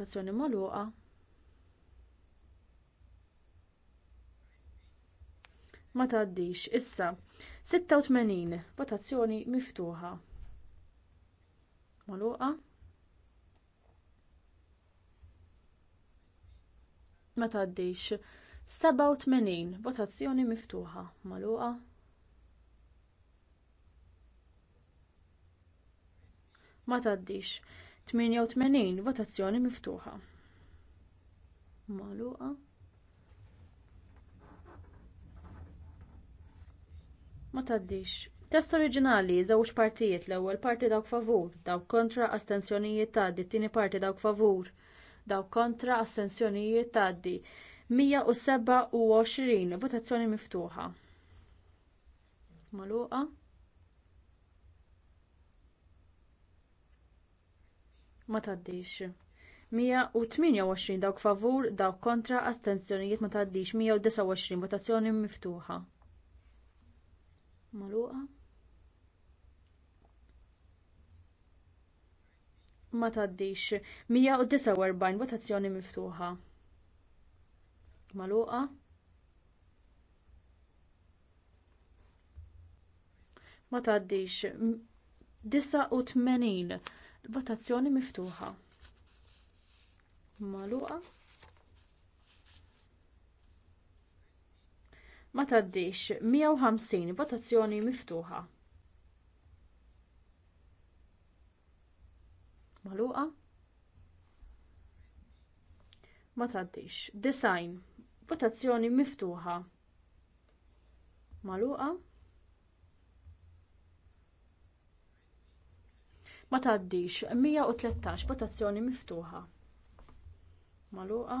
votazzjoni magħluqa ma tgħaddix issa 86 votazzjoni miftuħa magħluqa ma tgħaddix 87 votazzjoni miftuħa magħluqa ma tgħaddix 88 votazzjoni miftuħa ma tgħaddix test oriġinali żewġ partijiet l-ewwel parti dawk favur dawk kontra astensjonijiet tgħaddi it-tieni parti dawk favur dawk kontra astensjonijiet tgħaddi 127 votazzjoni miftuħa ma tgħaddix 128 dawk favur dawk kontra astensjonijiet ma tgħaddix 129 votazzjoni miftuħa ma tgħaddix 149 votazzjoni miftuħa Maluqa? ma tgħaddix 89 votazzjoni miftuħa magħluqa ma tgħaddix 150 votazzjoni miftuħa magħluqa ma tgħaddix design votazzjoni miftuħa magħluqa ma tgħaddix 113 votazzjoni miftuħa Maluqa,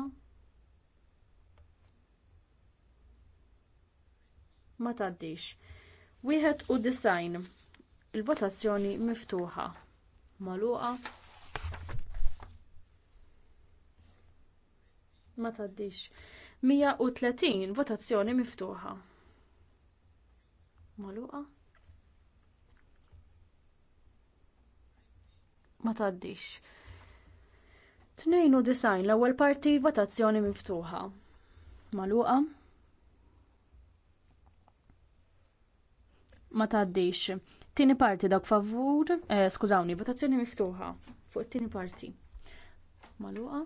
ma tgħaddix wieħed u design il-votazzjoni miftuħa magħluqa ma taddix. 130 votazzjoni miftuħa magħluqa ma tgħaddix. 92 l-ewwel parti votazzjoni miftuħa. Maluqa. Ma tgħaddix Tieni parti dak favur, eh, skużawni, votazzjoni miftuħa fuq it-tieni parti. Maluqa.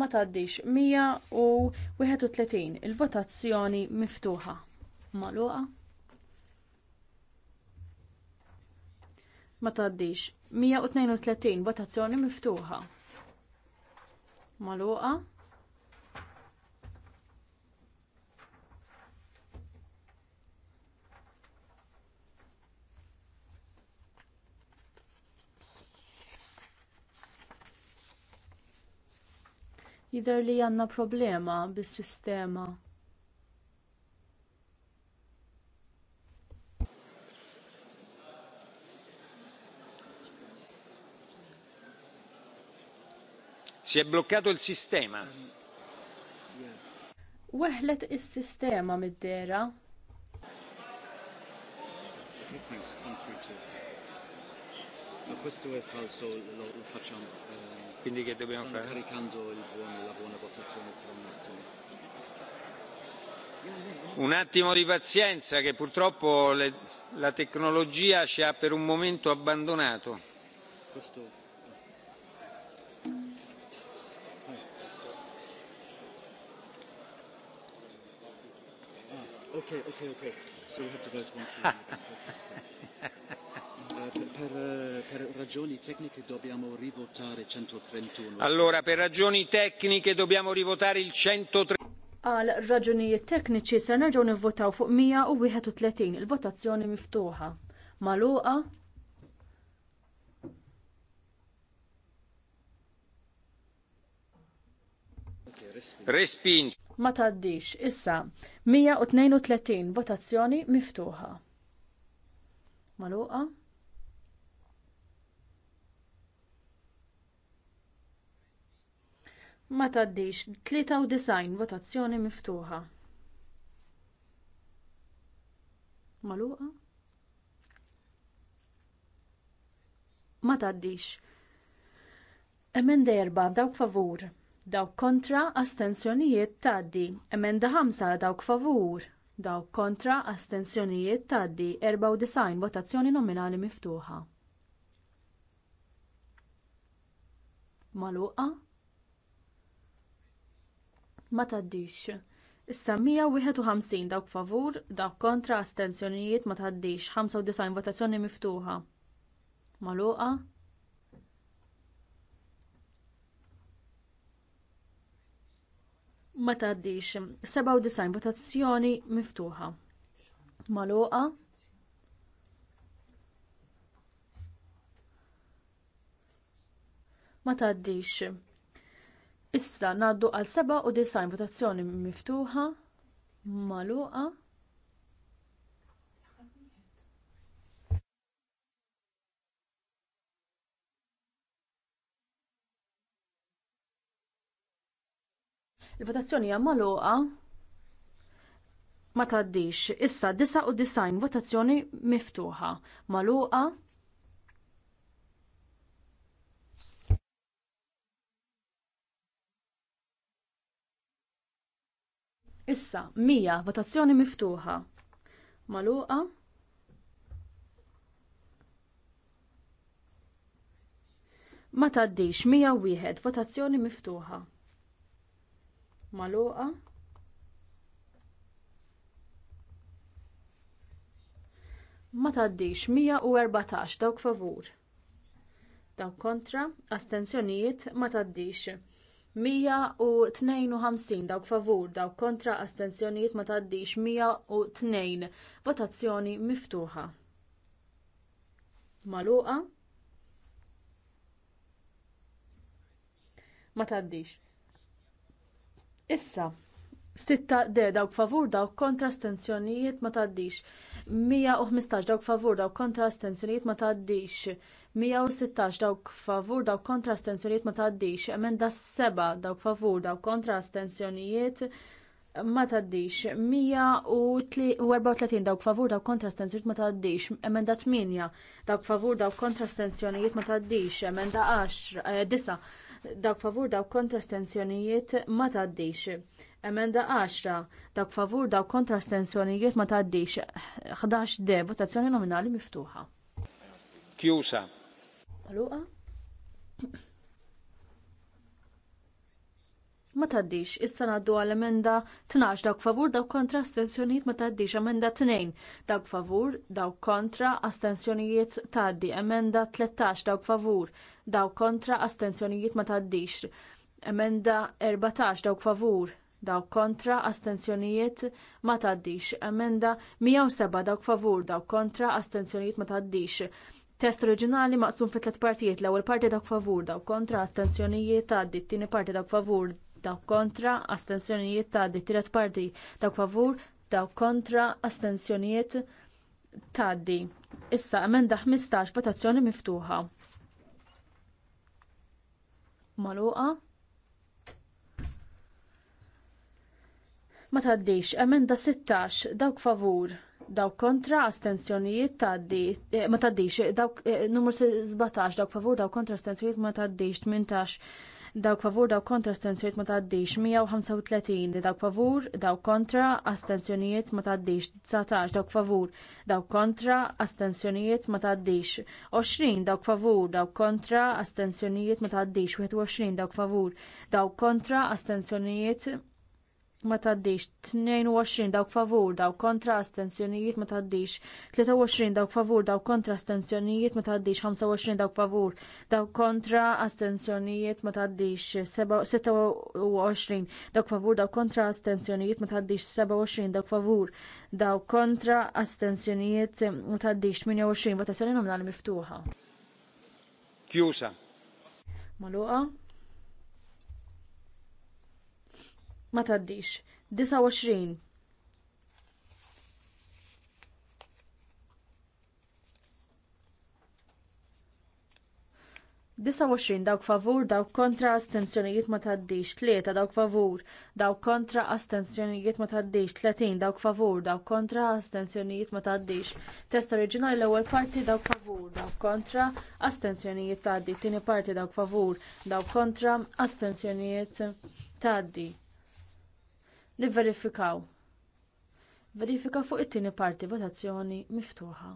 Ma taddix 131 il-votazzjoni miftuħa. Maluqa. ma taddix 132 votazzjoni miftuħa Maluqa. jidher li għandna problema bis-sistema Si è bloccato il sistema. Weħlet is-sistema mid-dera. Questo è falso, lo, lo facciamo. Eh, Quindi che dobbiamo stanno fare? caricando il buon, la buona votazione tra un attimo. Un attimo di pazienza che purtroppo le, la tecnologia ci ha per un momento abbandonato. Questo okay, okay, okay. So we have to vote one for uh, per, uh, per ragioni tecniche dobbiamo rivotare 131. Allora, per ragioni tecniche dobbiamo rivotare il 131. Għal raġunijiet tekniċi se nerġgħu nivvotaw fuq 131 il-votazzjoni miftuħa. Maluqa Respinto ma taddix. Issa 132 votazzjoni miftuħa. Maluqa? Ma taddix 93 votazzjoni miftuħa. Maluqa? Ma taddix. Emenda erba' dawk favur dawk kontra astensjonijiet tgħaddi emenda 5 dawk favur dawk kontra astensjonijiet tgħaddi 94 votazzjoni nominali miftuħa Maluqa ma tgħaddix Issa 151 dawk favur, dawk kontra astensjonijiet ma tgħaddix 95 votazzjoni miftuħa. Magħluqa ma tgħaddix 97 votazzjoni miftuħa magħluqa ma taddix issa ngħaddu għal 97 votazzjoni miftuħa magħluqa Il-votazzjoni hija magħluqa ma tgħaddix. Issa 99 votazzjoni miftuħa magħluqa Issa, mija votazzjoni miftuħa. Maluqa. Ma taddix, mija wieħed votazzjoni miftuħa magħluqa ma tgħaddix 114 dawk favur dawk kontra astensjonijiet ma tgħaddix 152 dawk favur dawk kontra astensjonijiet ma tgħaddix 102 votazzjoni miftuħa magħluqa ma tgħaddix Issa, sitta de dawk favur dawk kontra stenzjonijiet ma taddix. 115 dawk favur dawk kontra stenzjonijiet ma taddix. 116 dawk favur dawk kontra stenzjonijiet ma taddix. Emenda 7 dawk favur dawk kontra stenzjonijiet ma taddix. 134 dawk favur dawk kontra stenzjonijiet ma taddix. Emenda 8 dawk favur dawk kontra stenzjonijiet ma taddix. Emenda 10 9 eh, dawk favur dawk kontra stenzjonijiet ma tgħaddix. Emenda 10 dawk favur dawk kontra stenzjonijiet ma tgħaddix. 11 de votazzjoni nominali miftuħa. Chiusa. Aluqa? ma taddix. Issa ngħaddu għal emenda 12 dawk favur dawk kontra astensjonijiet ma taddix. Emenda 2 dawk favur dawk kontra astensjonijiet taddi. Emenda 13 dawk favur dawk kontra astensjonijiet ma taddix. Emenda 14 dawk favur dawk kontra astensjonijiet ma taddix. Emenda 107 dawk favur dawk kontra astensjonijiet ma taddix. Test oriġinali maqsum fi tliet partijiet, l-ewwel parti dawk favur daw kontra astensjonijiet għaddi, t-tieni parti dawk favur dawk kontra astensjonijiet tgħaddi tielet parti dawk favur dawk kontra astensjonijiet tgħaddi issa emenda 15 votazzjoni miftuħa magħluqa ma tgħaddix emenda 16 dawk favur dawk kontra astensjonijiet tgħaddi eh, ma tgħaddix dawk eh, numru 17 dawk favur dawk kontra astensjonijiet ma tgħaddix 18 dawk favur dawk kontra astensjonijiet ma tgħaddix 135 li dawk favur dawk kontra astenzjonijiet ma tgħaddix 19 dawk favur dawk kontra astenzjonijiet ma tgħaddix 20 dawk favur dawk kontra astenzjonijiet ma tgħaddix 21 dawk favur dawk kontra astenzjonijiet ma taddix 22 dawk favur dawk kontra astensjonijiet ma taddix 23 dawk favur dawk kontra astensjonijiet ma taddix 25 dawk favur dawk kontra astensjonijiet ma taddix 26 dawk favur dawk kontra astensjonijiet ma taddix 27 dawk favur dawk kontra astensjonijiet ma taddix 28 votazzjoni l miftuħa. Kjusa Maluqa. ma taddix 29 29 dawk favur dawk kontra astensjonijiet ma taddix 3 dawk favur dawk kontra astensjonijiet ma taddix 30 dawk favur dawk kontra astensjonijiet ma taddix test oriġinali l-ewwel parti dawk favur dawk kontra astensjonijiet tgħaddi tieni parti dawk favur dawk kontra astensjonijiet tgħaddi li verifikaw. Verifika fuq it-tieni parti votazzjoni miftuħa.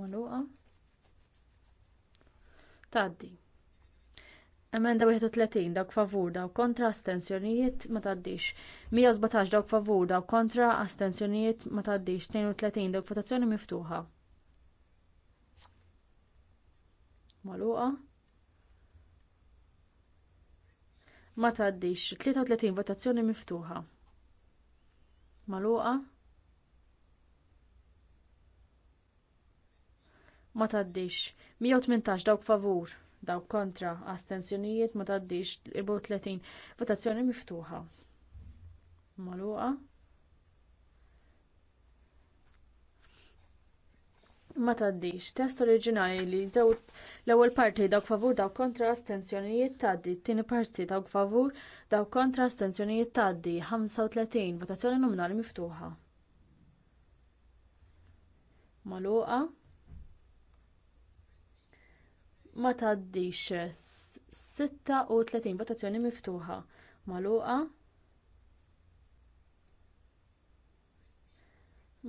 Maluqa. Taddi. Emenda 31 dawk favur dawk kontra astensjonijiet ma taddix. 117 dawk favur dawk kontra astensjonijiet ma taddix. 32 dawk votazzjoni miftuħa. Maluqa. ma tgħaddix 33 votazzjoni miftuħa Maluqa? ma tgħaddix 118 dawk favur dawk kontra astensjonijiet ma tgħaddix 34 votazzjoni miftuħa Maluqa? ma tgħaddix test oriġinali li żewġ l-ewwel parti dawk favur dawk kontra astensjonijiet tgħaddi t tieni parti dawk favur dawk kontra astensjonijiet tgħaddi 35 votazzjoni nominali miftuħa magħluqa ma tgħaddix 36 votazzjoni miftuħa magħluqa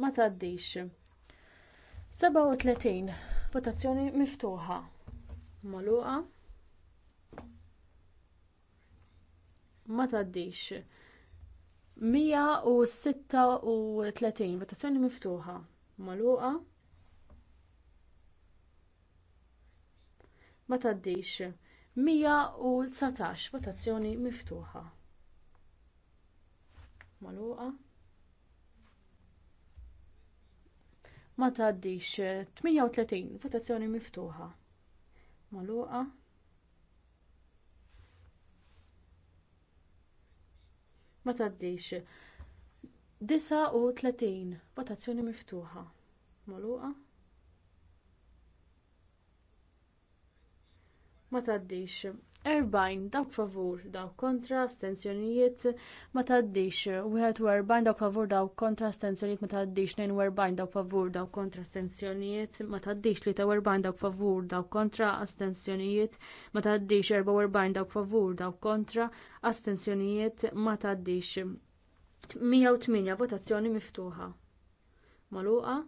ma tgħaddix 37 votazzjoni miftuħa magħluqa ma tgħaddix 136 votazzjoni miftuħa magħluqa ma tgħaddix 119 votazzjoni miftuħa magħluqa ma tgħaddix 38 eh, votazzjoni miftuħa Maluqa. ma tgħaddix 39 votazzjoni miftuħa Maluqa. ma tgħaddix 40 dawk favur dawk kontra astensjonijiet ma taddix. 41 dawk favur dawk kontra stenzjonijiet ma taddix 42 dawk favur dawk kontra stenzjonijiet ma taddix 43 dawk favur dawk kontra astensjonijiet ma taddix 44 dawk favur dawk kontra astensjonijiet ma taddix. 108 votazzjoni miftuħa magħluqa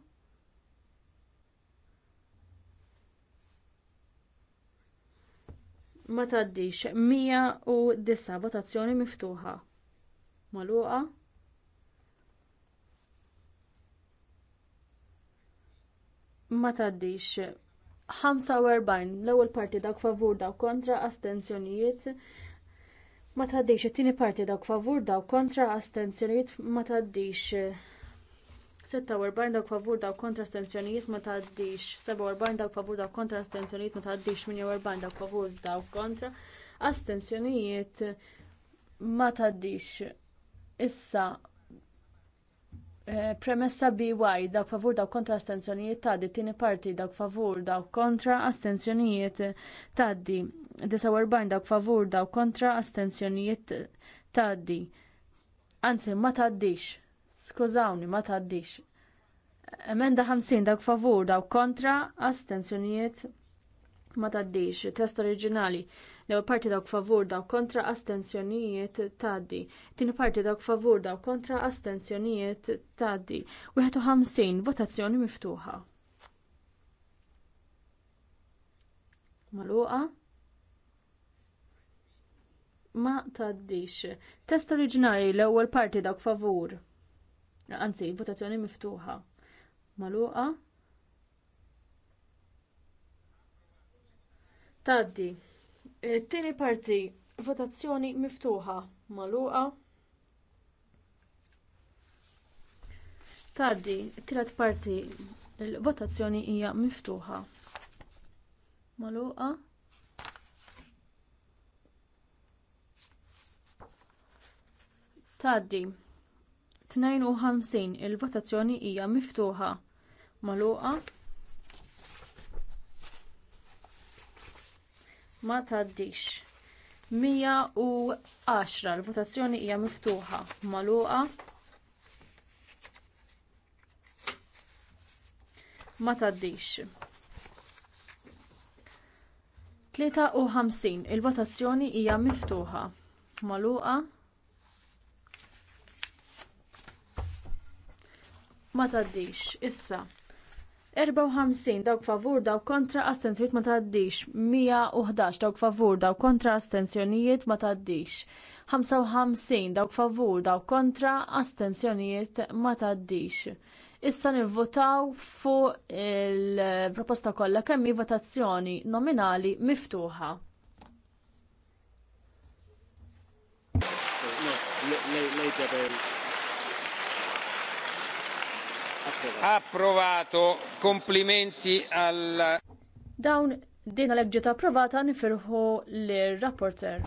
ma taddix 109 votazzjoni miftuħa magħluqa ma taddix 45 l-ewwel parti dawk favur dawk kontra astensjonijiet ma taddix it-tieni parti dawk favur dawk kontra astensjonijiet ma taddix 46 dawk favur dawk kontra astensjonijiet ma tgħaddix 47 dawk favur dawk kontra astensjonijiet ma tgħaddix 48 dawk favur dawk kontra astensjonijiet ma tgħaddix issa eh, premessa by dawk favur dawk kontra astensjonijiet tgħaddi tieni parti dawk favur dawk kontra astensjonijiet tgħaddi 49 dawk favur dawk kontra astensjonijiet tgħaddi anzi ma tgħaddix Skużawni, ma tgħaddix. Emenda 50 dawk favur, dawk kontra, astensjonijiet ma tgħaddix. Test oriġinali. Lew parti dawk favur, dawk kontra, astensjonijiet tgħaddi. Tieni parti dawk favur, dawk kontra, astensjonijiet tgħaddi. 51 votazzjoni miftuħa. Maluqa? Ma tgħaddix. Test oriġinali l-ewwel parti dawk favur. Anzi, votazzjoni miftuħa. Maluqa. Taddi. Tieni parti, votazzjoni miftuħa. Maluqa. Taddi, tilat parti, il-votazzjoni hija miftuħa. Maluqa. Taddi 52 il-votazzjoni hija miftuħa magħluqa ma tgħaddix 110 il-votazzjoni hija miftuħa magħluqa ma tgħaddix 53 il-votazzjoni hija miftuħa magħluqa ma tgħaddix. Issa 54 dawk favur dawk kontra astenzjonijiet ma tgħaddix. 111 dawk favur dawk kontra astenzjonijiet ma tgħaddix. 55 dawk favur dawk kontra astenzjonijiet ma tgħaddix. Issa nivvotaw fuq il-proposta kollha kemm hi votazzjoni nominali miftuħa. So, no, Approvato. Komplimenti għal. Dawn din għalhekk ġiet approvata nifirħu lir-rapporter.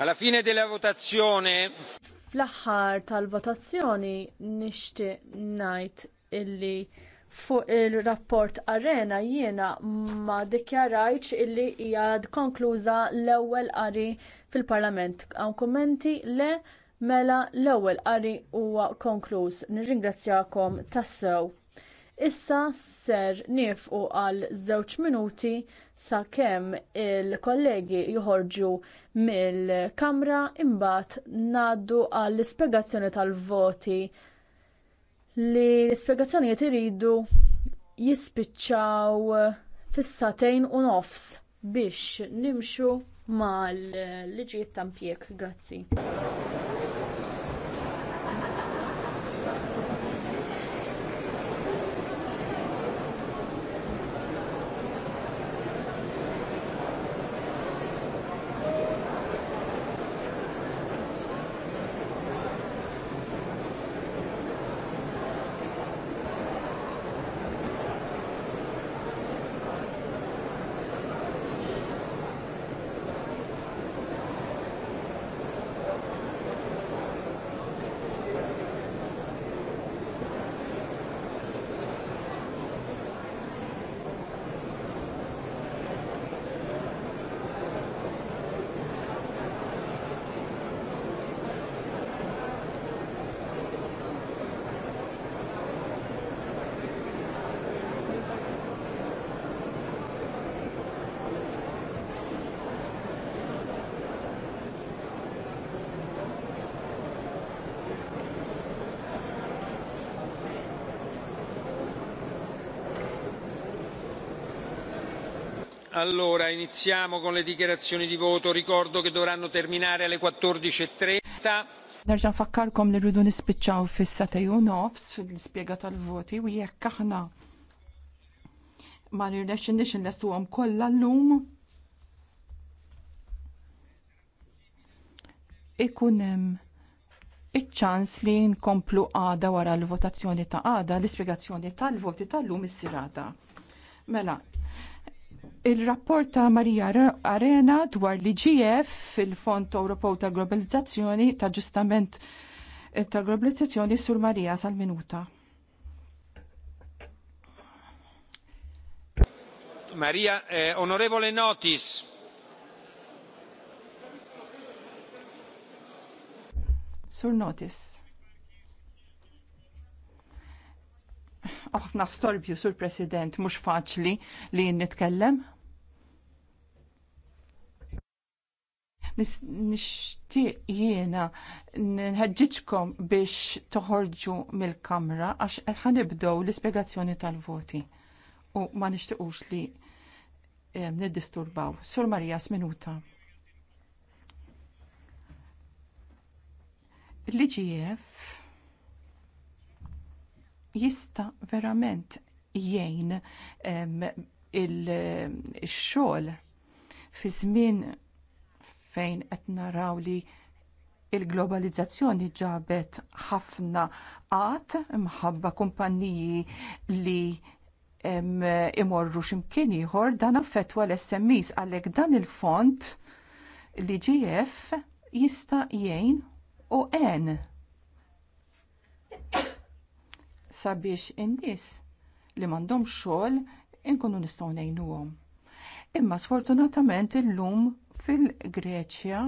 Alla fine della votazione. Fl-aħħar tal-votazzjoni nixtieq ngħid illi fuq il-rapport Arena jiena ma dikjarajtx illi hija konkluża l-ewwel qari fil-Parlament. Hawn kummenti le Mela l-ewwel qari huwa konkluż. Nirringrazzjakom tassew. Issa ser nifqu għal żewġ minuti sakemm il-kollegi joħorġu mill-kamra imbagħad ngħaddu għall ispjegazzjoni tal-voti li l-ispjegazzjonijiet iridu jispiċċaw fis-satejn u nofs biex nimxu mal-liġijiet ta' Grazzi. Allora, iniziamo con le dichiarazioni di voto. Ricordo che dovranno terminare alle 14.30. E Nerġa' nfakkarkom li rridu nispiċċaw fis-setej u nofs fil-ispjega tal-voti u jekk aħna ma nirnex nix nlestuhom kollha llum. Ikun hemm iċ-ċans li nkomplu għada wara l-votazzjoni ta' għada l-ispjegazzjoni tal-voti tal-lum is-sirata. Mela, Il-rapport ta' Marija Arena dwar li GF fil-Fond Ewropew ta' Globalizzazzjoni ta' ġustament eh, ta' globalizzazzjoni sur Marija sal-minuta. Maria, eh, onorevole Notis. Sur Notis. ħafna storbju sur President mhux faċli li nitkellem. Nixtieq jiena nħedġiċkom biex toħorġu mill-kamra għax ħanibdow l-ispjegazzjoni tal-voti u ma nixtiequx li niddisturbaw. Sur Marija minuta. L-IGF jista verament jgħin il-xogħol fi żmien fejn qed naraw li l globalizzazzjoni ġabet ħafna għat mħabba kumpanniji li imorru x'imkien ieħor dan affettwa l-SMEs għalhekk dan il-font li GF jista' jgħin u għen sabiex in-nies li m'għandhomx xogħol inkunu nistgħu ngħinuhom. Imma sfortunatament illum fil-Greċja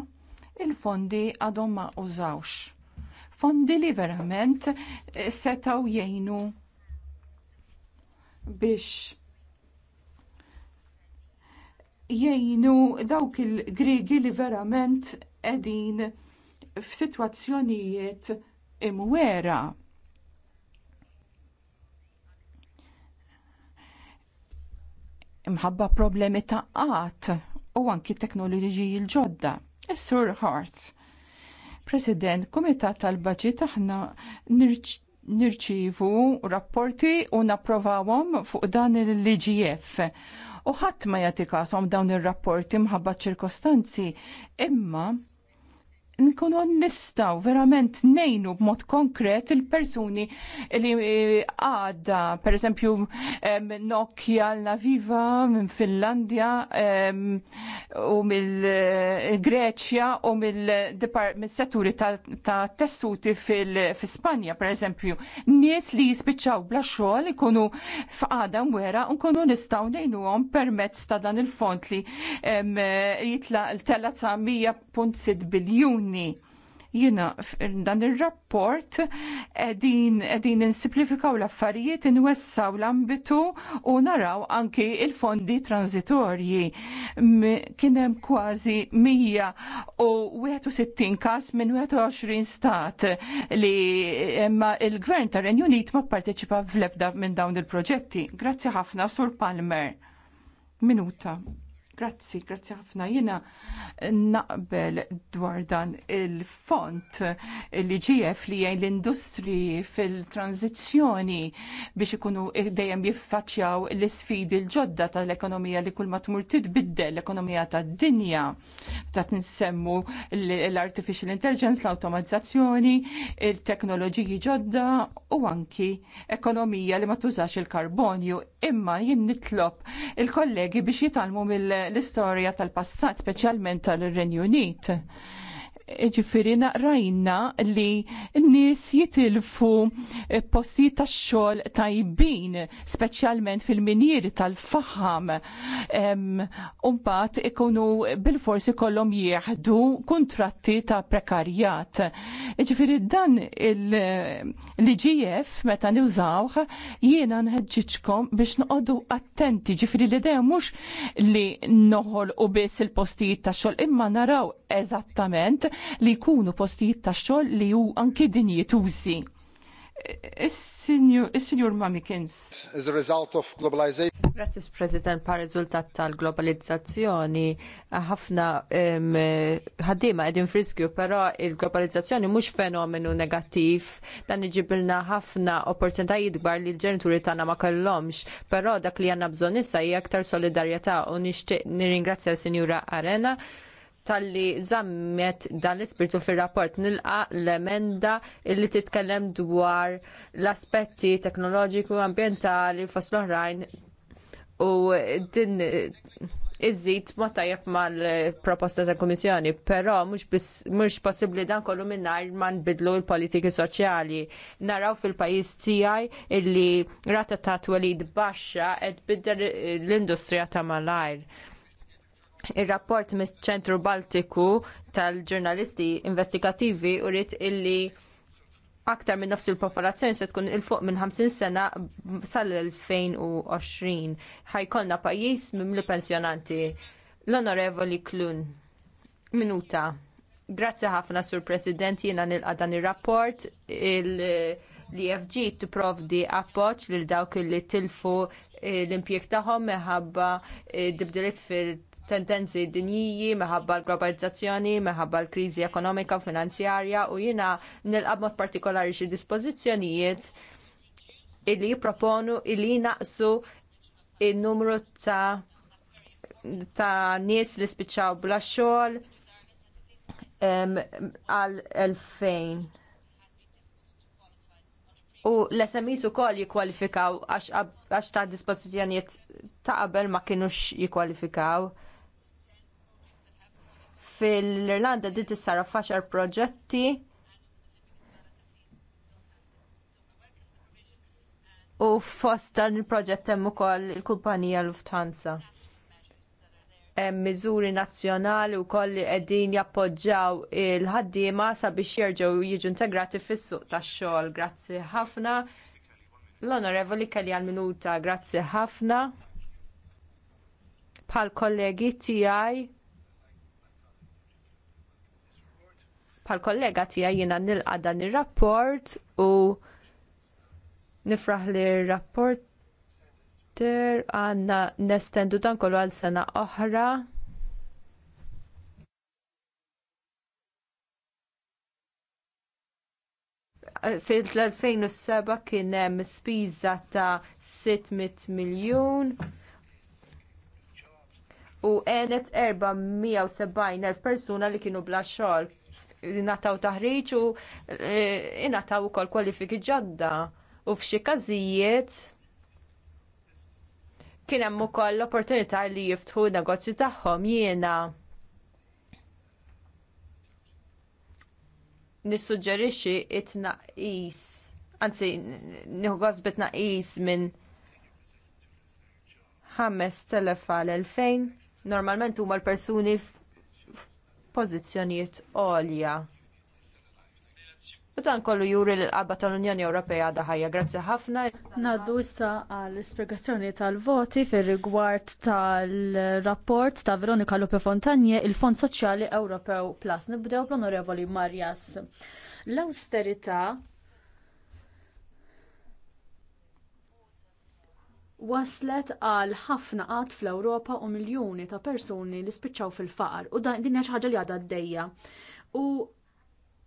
il-fondi għadhom ma użawx. Fondi li verament eh, setaw jgħinu biex jgħinu dawk il-Grigi li verament edin f'sitwazzjonijiet imwera imħabba problemi ta' qat u anki teknoloġiji l-ġodda. Is-Sur Hart. President, Kumitat tal-Baġit aħna nirċivu rapporti u napprovawhom fuq dan il-LGF. U ħadd ma jagħti dawn ir-rapporti mħabba ċirkostanzi, imma nkunu nistaw verament nejnu b'mod konkret il-persuni li eh, għadda, per eżempju, Nokia l-Naviva minn Finlandja u mill-Greċja eh, u mill-setturi ta' tessuti fil-Spanja, per eżempju, nies li jispiċċaw bla xogħol ikunu f'għada mwera u nkunu nistaw nejnuhom permezz ta' dan il-font li eh, jitla l-tella ta' 100.6 biljun komuni jina dan il-rapport edin, n-simplifikaw l-affarijiet, inwessaw l-ambitu u naraw anki il-fondi transitorji. Kienem kważi 161 kas minn 21 stat li ma il-gvern tar Unit ma parteċipa fl minn dawn il-proġetti. Grazzi ħafna, Sur Palmer. Minuta. Grazzi, grazzi ħafna. Jena naqbel dwar dan il-font li ġief li jgħin l-industri fil-tranzizjoni biex ikunu dejjem jiffaċjaw l-sfidi l-ġodda tal-ekonomija li kull tmur tidbiddel l-ekonomija tad-dinja. Ta' tinsemmu l-artificial intelligence, l-automatizzazzjoni, il-teknoloġiji ġodda u anki ekonomija li ma tużax il-karbonju. Imma jien nitlob il-kollegi biex jitalmu mill- l-istorja tal-passat, speċjalment tal-Renju Unit ġifiri naqrajna li n-nis jitilfu eh, posti ta' xol tajbin, specialment fil-minjiri tal-faham. Umbat ikunu bil-forsi kollom jieħdu kontratti ta' prekarjat. Ġifiri dan l-IGF meta nużawħ jiena nħedġiċkom biex noqodu attenti ġifiri li dejjem mux li noħol u biss il-postijiet ta' xol imma naraw eżattament li jkunu postijiet ta' xogħol li hu anki dinjetużi. Is-Sinjur Mamikins. As a result of globalization. Grazie, President, pa' rizultat tal-globalizzazzjoni, ħafna ħaddima edin friskju, pero il-globalizzazzjoni mux fenomenu negattiv, dan iġibilna ħafna opportunitajiet gbar li l-ġenituri tagħna ma kellhomx, però dak li għandna bżonissa jgħaktar hija aktar solidarjetà u nixtieq nirringrazzja l-Sinjura Arena talli zammet dan l-ispirtu fir-rapport nilqa l-emenda illi titkellem dwar l-aspetti teknoloġiku, ambjentali fost l-oħrajn u din iżid ma tajjeb mal-proposta tal kummissjoni però mhux possibbli dan kollu mingħajr ma bidlu l-politiki soċjali. Naraw fil-pajjiż tiegħi illi rata ta' twelid baxxa qed biddel l-industrija ta' malajr Ir-rapport mis-ċentru Baltiku tal-ġurnalisti investigattivi uriet illi aktar minn nofs il-popolazzjoni se tkun il-fuq minn 50 sena sal-2020 ħajkolna pajjiż mimli pensjonanti. L-Onorevoli Klun. Minuta. Grazzi ħafna sur President jiena nilqa dan ir-rapport l-EFG tipprovdi appoġġ lil dawk li tilfu eh, l-impjeg tagħhom meħabba eh, dibdiliet fil tendenzi dinjiji meħabba l-globalizzazzjoni, meħabba l-kriżi ekonomika u finanzjarja u jiena nilqab mod partikolari xi dispożizzjonijiet illi jipproponu illi naqsu il-numru ta' ta' nies li spiċċaw bla xol għal 2000. U l-SMIs ukoll jikkwalifikaw għax ta' dispozizjoniet ta' qabel ma kinux jikkwalifikaw fil-Irlanda din tissara faċar proġetti u fost dan il-proġett hemm ukoll il-kumpanija Lufthansa. Hemm miżuri nazzjonali wkoll li qegħdin jappoġġjaw il-ħaddiema sabiex jerġgħu jiġu integrati fis-suq tax-xogħol. Grazzi ħafna. L-Onorevoli kelli għal minuta, grazzi ħafna. Bħal kollegi tiegħi Pal kollega tija jina nilqa dan il-rapport u nifraħ li rapporter għanna nestendu dan kollu għal sena oħra. fil-2007 kien hemm spiża ta' 600 miljun u għenet 470 persuna li kienu bla xogħol nataw taħriġ u e, nataw ukoll kwalifiki ġodda. U f'xi każijiet kien hemm ukoll l-opportunità li jiftħu negozju tagħhom jiena. Nissuġġerixxi it-tnaqqis, anzi nieħu gosbit tnaqqis minn 5000 għal 2000 normalment huma l-persuni pożizzjonijiet għolja. U dan kollu juri l-qabba tal-Unjoni Ewropea ħajja. Grazzi ħafna. Naddu issa għall ispjegazzjoni tal-voti fir rigward tal-rapport ta' Veronika Lupe Fontanje, il-Fond Soċjali Ewropew Plus. Nibdew bl-Onorevoli Marjas. L-austerità waslet għal ħafna qatt fl-Ewropa u miljuni ta' persuni li spiċċaw fil-faqar u dan din hija ħaġa li għadha għaddejja. U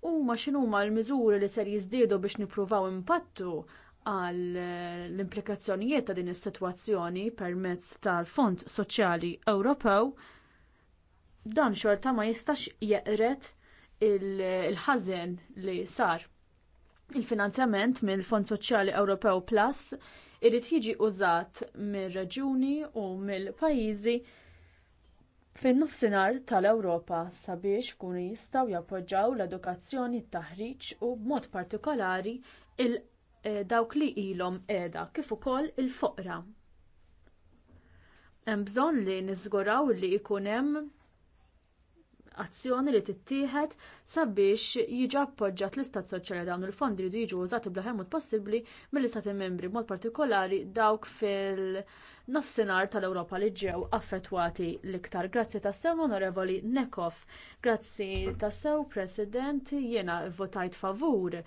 huma x'inhuma l-miżuri li ser jiżdiedu biex nippruvaw impattu għal eh, l-implikazzjonijiet ta' din is-sitwazzjoni permezz tal-Fond Soċjali Ewropew dan xorta ma jistax jeqret il-ħażen li sar il-finanzjament mill-Fond Soċjali Ewropew Plus irid jiġi użat mir-reġjuni u mill-pajjiżi fin-nofsinhar tal-Ewropa sabiex ikunu jistgħu jappoġġjaw l-edukazzjoni t-taħriġ u b'mod partikolari eh, dawk li ilhom qiegħda kif ukoll il-foqra. Hemm bżonn li niżguraw li jkun hemm azzjoni li tittieħed sabiex jiġi appoġġjat l-istat soċjali dawn il-fondi li jiġu użati bl-aħjar mod possibbli mill-istati membri b'mod partikolari dawk fil-nofsinhar tal-Ewropa li ġew affettwati l-iktar. Grazzi tassew onorevoli Nekov. Grazzi tassew President jiena votajt favur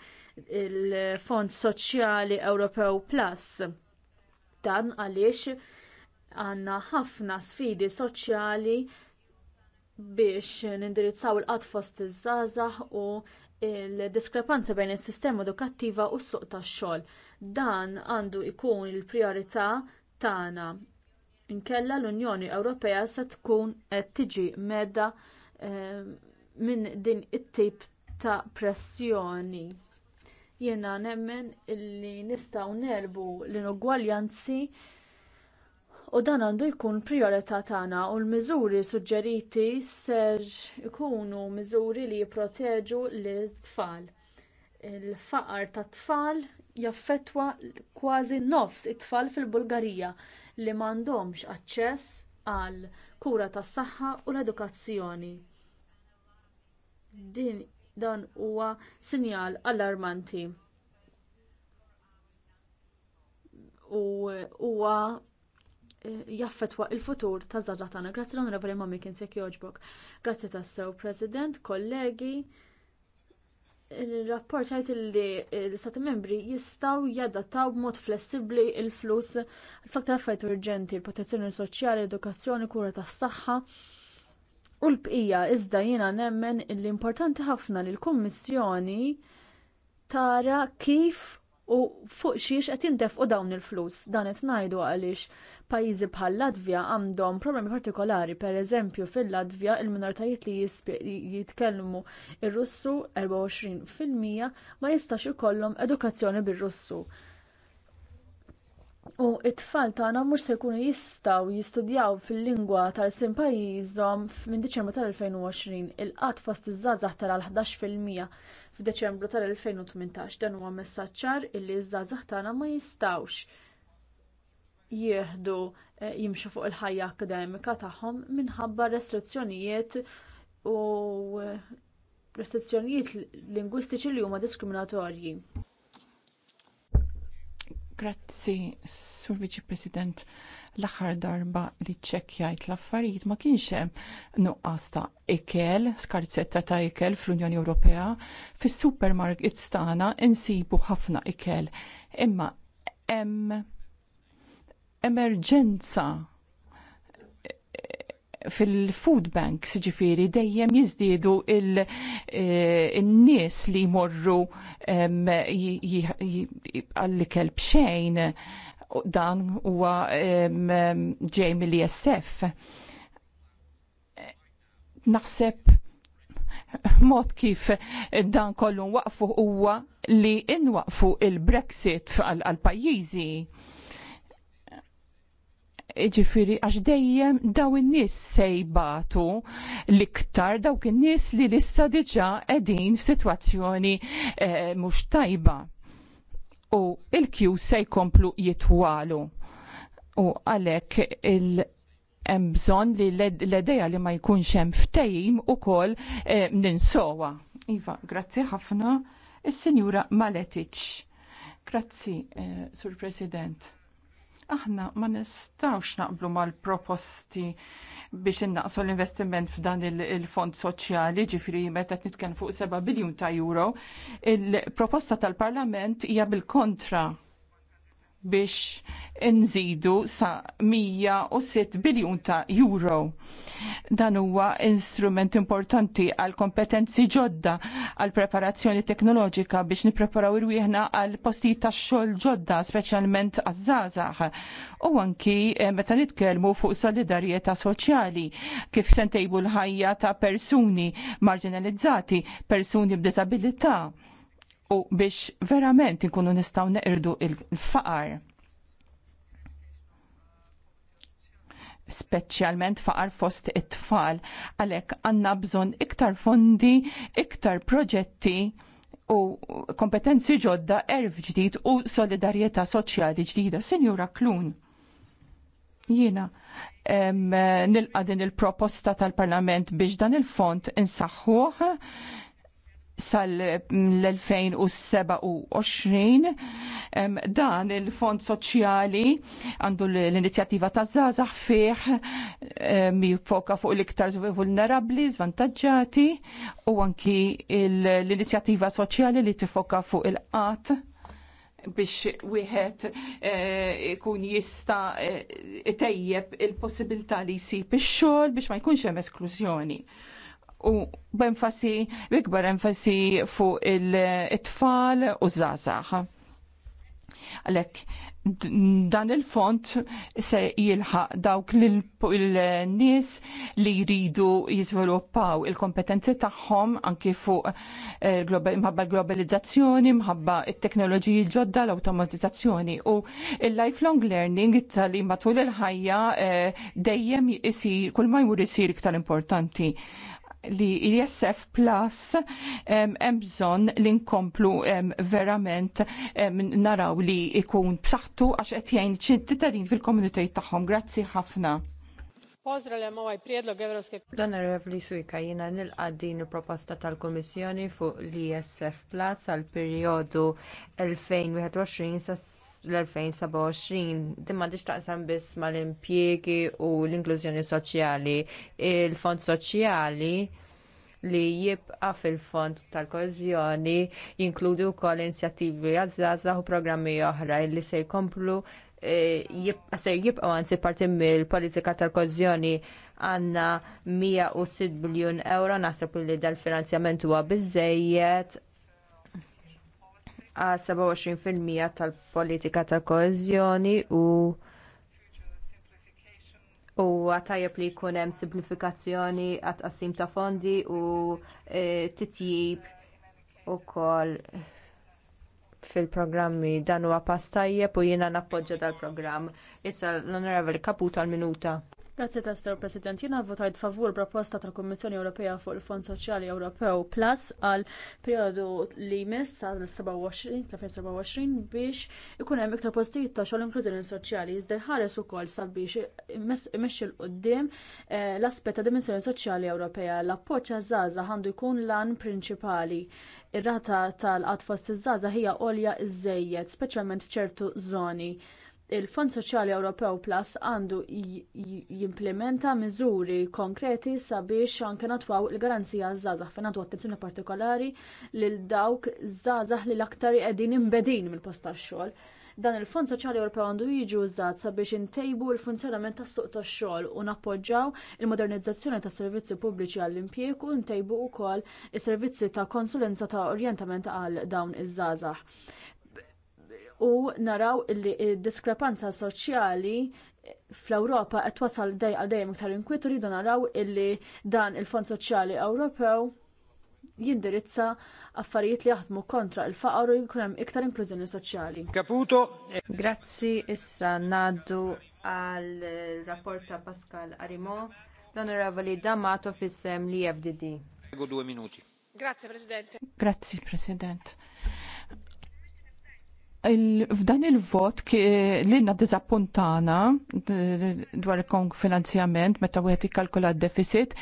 il-Fond Soċjali Ewropew Plus. Dan għaliex għandna ħafna sfidi soċjali biex nindirizzaw il-qatt fost iż-żgħażagħ u l diskrepanza bejn is-sistema edukattiva u s-suq tax-xogħol. Dan għandu jkun il-prijorità tagħna. Inkella l-Unjoni Ewropea se tkun qed tiġi medda eh, minn din it-tip ta' pressjoni. Jiena nemmen illi nistgħu nerbu l-inugwaljanzi u dan għandu jkun prijorità tagħna u l-miżuri suġġeriti ser ikunu miżuri li jipproteġu l tfal Il-faqar tat-tfal jaffettwa kważi nofs it-tfal fil-Bulgarija li m'għandhomx aċċess għal kura tas-saħħa u l-edukazzjoni. Din dan huwa sinjal allarmanti u huwa jaffettwa il-futur ta' zaza tagħna. Grazzi l-Onorevoli kien se jogħġbok. Grazzi tassew President, kollegi. Il-rapport jgħid li l istati membri jistaw jadattaw b'mod flessibbli l flus faktar affajt urġenti, protezzjoni soċjali, edukazzjoni, kura tas saħħa u l-bqija. Iżda jiena nemmen l-importanti ħafna li l-Kummissjoni tara kif u fuq xiex qed jintefqu dawn il-flus. Dan qed ngħidu għaliex pajjiżi bħal Latvja għandhom problemi partikolari, pereżempju fil-Latvja il-minoritajiet li jitkellmu ir-Russu 24% ma jistax ikollhom edukazzjoni bir-Russu. U t tfal tagħna mhux se jkunu jistgħu jistudjaw fil-lingwa tal-sim pajjiżhom minn Diċembru tal-2020 il-qatt fost iż-żgħażagħ tal-11 fil-mija f'Deċembru tal-2018 dan huwa messaġġ ċar illi ż-żgħażagħ tagħna ma jistgħux jieħdu eh, jimxu fuq il-ħajja akademika tagħhom minħabba restrizzjonijiet u eh, restrizzjonijiet lingwistiċi li huma diskriminatorji. Grazzi, Sur Viċi President. L-aħħar darba li ċċekkjajt l-affarijiet ma kienx hemm nuqqas ta' ikel, skarzetta ta' ikel fl-Unjoni Ewropea. fis supermarket tagħna insibu ħafna ikel, imma hemm emerġenza eh, fil-food banks ġifiri dejjem jizdiedu il-nies il eh, li jmorru għall kelb xejn dan huwa ġej mill-ISF. Naħseb mod kif dan kollu waqfu huwa li inwaqfu il-Brexit għal-pajjiżi. Ġifiri, għax dejjem daw in-nies sejbatu l-iktar dawk in-nies li lissa issa diġà qegħdin f'sitwazzjoni eh, mhux tajba u il q se jkomplu jitwalu. U għalek il- hemm bżonn li l-edeja li ma jkunx hemm ftejim ukoll eh, ninsowa. Iva, grazzi ħafna. Is-Sinjura Maletic. Grazzi, eh, Sur President aħna ma nistawx naqblu mal-proposti biex innaqsu l-investiment f'dan il-fond soċjali, ġifiri meta nitken fuq 7 biljun ta' euro, il-proposta tal-Parlament hija bil-kontra biex nżidu sa 106 biljun ta' euro. Dan huwa instrument importanti għal kompetenzi ġodda għal preparazzjoni teknoloġika biex nipreparaw irwieħna għal postijiet ta' xogħol ġodda, speċjalment għaż-żgħażagħ. U anki eh, meta nitkellmu fuq solidarjetà soċjali kif sentejbu l-ħajja ta' persuni marginalizzati, persuni b'disabilità u biex verament inkunu nistgħu neqirdu il-faqar. speċjalment faqar fost it-tfal, għalhekk għandna bżonn iktar fondi, iktar proġetti u kompetenzi ġodda, erf ġdid u solidarjetà soċjali ġdida. Senjura Klun, jiena nilqa din il-proposta tal-Parlament biex dan il-font insaħħuh sal-2027 dan il-Fond Soċjali għandu l-inizjattiva ta' Zazax fih mifoka fuq l-iktar vulnerabli, zvantagġati u anki l-inizjattiva soċjali li tifoka fuq il-qat biex wieħed eh, ikun jista eh, tejjeb il-possibilità li jsib ix-xogħol biex ma jkunx hemm esklużjoni u b'enfasi, b'ikbar enfasi fuq il-tfal u zazax. Għalek, dan il-font se jilħaq dawk l-nies li jridu jizviluppaw il-kompetenzi tagħhom anki fuq eh, mħabba globalizzazzjoni, mħabba il teknoloġiji ġodda, l-automatizzazzjoni u il-lifelong learning tal-li matul il-ħajja eh, dejjem isir, kull ma jmur isir iktar importanti li ISF Plus hemm bżonn li nkomplu verament naraw li ikun b'saħħtu għax qed jgħin ċittadin fil komunitaj tagħhom. Grazzi ħafna. Pozdravljam ovaj priedlo Evropske l Revli Suika jina nilqa din proposta tal-Komissjoni fuq l-ISF Plus għal periodu 2021 sa l-2027 dimma taqsam biss mal-impjiegi u l-inklużjoni soċjali. Il-fond soċjali li jibqa fil-fond tal-kożjoni jinkludi wkoll inizjattivi għaż-żgħażagħ u programmi oħra li se jkomplu eh, se jibqgħu anzi parti mill-politika tal-kożjoni għandna 106 biljun euro naħseb li dal-finanzjament huwa biżżejjed 27% tal-politika tal-koeżjoni u huwa tajjeb li jkun hemm simplifikazzjoni għat qassim ta' fondi u e, titjib ukoll fil-programmi dan huwa pass tajjeb u jiena nappoġġa dal-programm. Issa l-Onorevoli Kaputa l-minuta. Grazzi ta' Sir President, jina votajt favur proposta tal-Kommissjoni Ewropea fuq il-Fond Soċjali Ewropew Plus għal periodu li jmiss sa' 27 biex ikun hemm iktar postijiet ta' xogħol inklużjoni soċjali iżda ħares ukoll sabiex imexxi l qudiem eh, l-aspett ta' dimensjoni soċjali Ewropea. L-appoġġ għaż-żgħażagħ għandu jkun l-an prinċipali ir-rata tal-qatt fost iż-żgħażagħ hija għolja iż speċjalment f'ċertu żoni il-Fond Soċjali Ewropew Plus għandu jimplementa miżuri konkreti sabiex anke natwaw il-garanzija żgħażagħ fejn għandu attenzjoni partikolari lil dawk żgħażagħ li l-aktar qegħdin imbedin mill-post tax-xogħol. Dan il-Fond Soċjali Ewropew għandu jiġu użat sabiex intejbu l-funzjonament tas-suq tax-xogħol u nappoġġaw il-modernizzazzjoni tas-servizzi pubbliċi għall-impjieg u ntejbu wkoll is-servizzi ta' konsulenza ta' orjentament għal dawn iż-żgħażagħ u naraw li diskrepanza soċjali fl-Ewropa qed wasal dejqa dejjem iktar inkwiet rridu naraw illi dan il-Fond Soċjali Ewropew jindirizza affarijiet li jaħdmu kontra il-faqar u jkun hemm iktar inklużjoni soċjali. Caputo. Grazzi issa ngħaddu għal rapport ta' Pascal Arimo, l-Onorevoli Damato fissem li FDD. Grazie, President. Grazie, President f'dan il-vot l-inna dizappuntana dwar il-kong finanzjament meta wieħed ikkalkula d-deficit,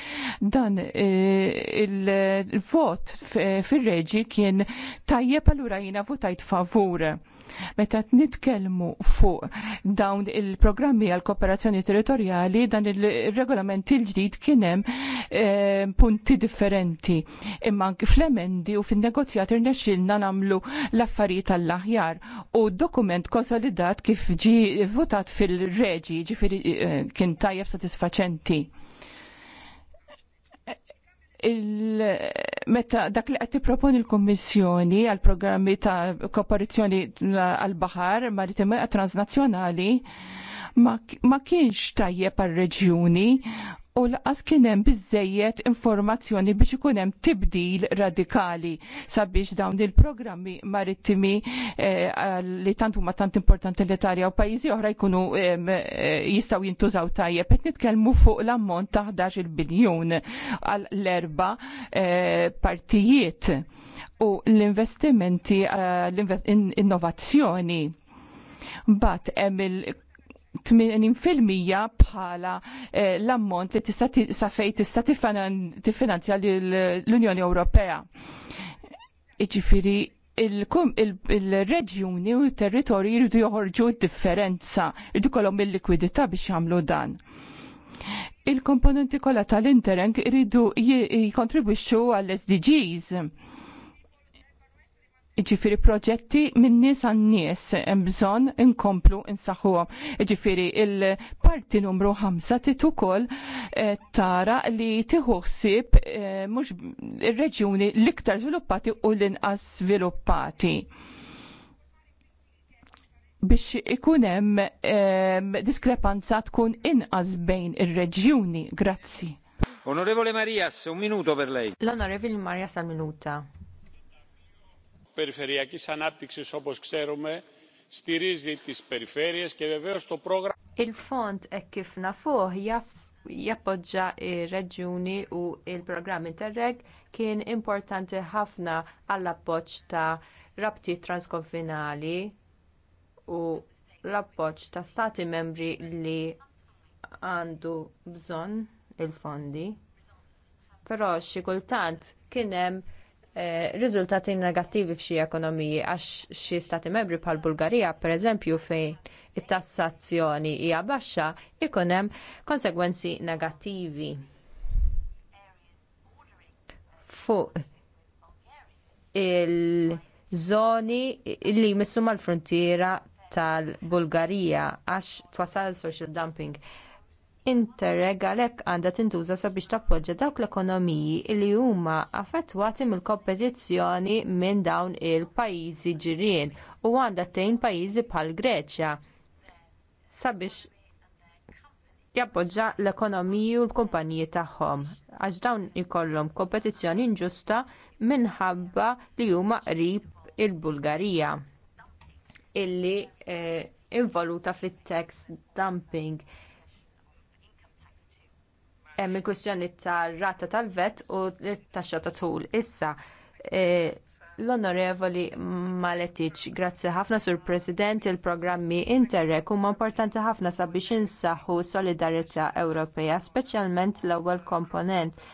dan e, il-vot fir-reġi kien tajjeb allura jina votajt favur. Meta nitkellmu fuq dawn il-programmi għal kooperazzjoni territorjali, dan il-regolament il-ġdid kienem eh, punti differenti. Imma fl-emendi u fin-negozjat irnexxilna namlu l-affarijiet tal-aħjar u dokument konsolidat kif ġi votat fil-reġi, ġifiri eh, kien tajjeb satisfaċenti meta dak li qed tipproponi l-Kummissjoni għal programmi ta' kooperazzjoni għal baħar maritima transnazzjonali ma, ma kienx tajjeb għal reġjuni u laqas kien hemm biżejjed informazzjoni biex ikun hemm tibdil radikali sabiex dawn il-programmi marittimi eh, li tant huma tant importanti l-Italja u pajjiżi oħra jkunu eh, jistgħu jintużaw tajjeb qed nitkellmu fuq l-ammont ta' 11 biljun għal l-erba eh, partijiet u l-investimenti l-innovazzjoni. Bat hemm il 80% bħala eh, l-ammont li tista' safej tista' tiffinanzja l-Unjoni Ewropea. Iġifiri, il-reġjuni u territorji jridu joħorġu differenza, jridu kolom il-likwidità biex jagħmlu dan. Il-komponenti kollha tal interreng jridu jikontribuċu għall-SDGs Ġifiri proġetti minn nies għan nies bżon inkomplu insaħuhom. Ġifiri il-parti numru 5 titu kol tara li tiħuħsib eh, mux il-reġjuni liktar iktar sviluppati u l-inqas sviluppati biex ikunem eh, diskrepanza tkun inqas bejn ir-reġjuni. Grazzi. Onorevole Marias, un minuto per lei. L'onorevole Marias al minuta περιφερειακής ανάπτυξης όπως ξέρουμε στηρίζει τις περιφέρειες και βεβαίως το πρόγραμμα Il-fond e kif nafuh jappoġġa r-reġjuni u l-programm Interreg kien importanti ħafna għall appoġġ ta' rabtiet transkonfinali u l-appoġġ ta' stati membri li għandu bżonn il-fondi. Però xi kultant kien hemm Eh, riżultati negattivi f'xi ekonomiji għax xi stati membri bħal Bulgarija pereżempju fejn it-tassazzjoni hija baxxa ikun hemm konsegwenzi negattivi fuq il-żoni li jmissu mal-frontiera tal-Bulgarija għax twasal social dumping Interreg għalhekk għandha tintuża sabiex tappoġġja dawk l-ekonomiji li huma affettwati mill-kompetizzjoni minn dawn il-pajjiżi ġirien u għandha tgħin pajjiżi bħal Greċja sabiex jappoġġja l-ekonomiji u l-kumpaniji tagħhom għax dawn ikollhom kompetizzjoni inġusta minħabba li huma qrib il-Bulgarija illi eh, involuta fit-tax dumping hemm il-kwistjoni tar-rata tal-vett u t-taxxa ta' tul. Issa, e, l-Onorevoli Maletic, grazzi ħafna sur President il-programmi Interreg huma importanti ħafna sabiex insaħħu solidarietà Ewropea, speċjalment l-ewwel komponent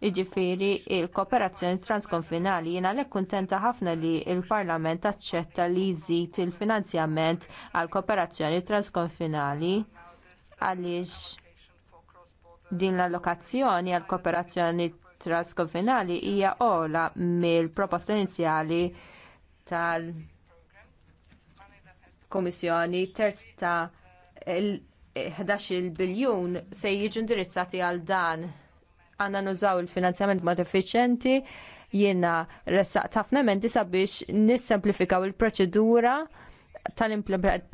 Jiġifieri l kooperazzjoni transkonfinali jiena għalhekk kuntenta ħafna li l parlament aċċetta li jżid il-finanzjament għall kooperazzjoni transkonfinali għaliex Din l-allokazzjoni għal kooperazzjoni transkonfinali hija għola mill-proposta inizjali tal- Kummissjoni terz ta' 11 biljun se jiġu indirizzati għal dan. Għanna nużaw il-finanzjament mod effiċenti jiena ressaq ħafna emendi sabiex nissemplifikaw il-proċedura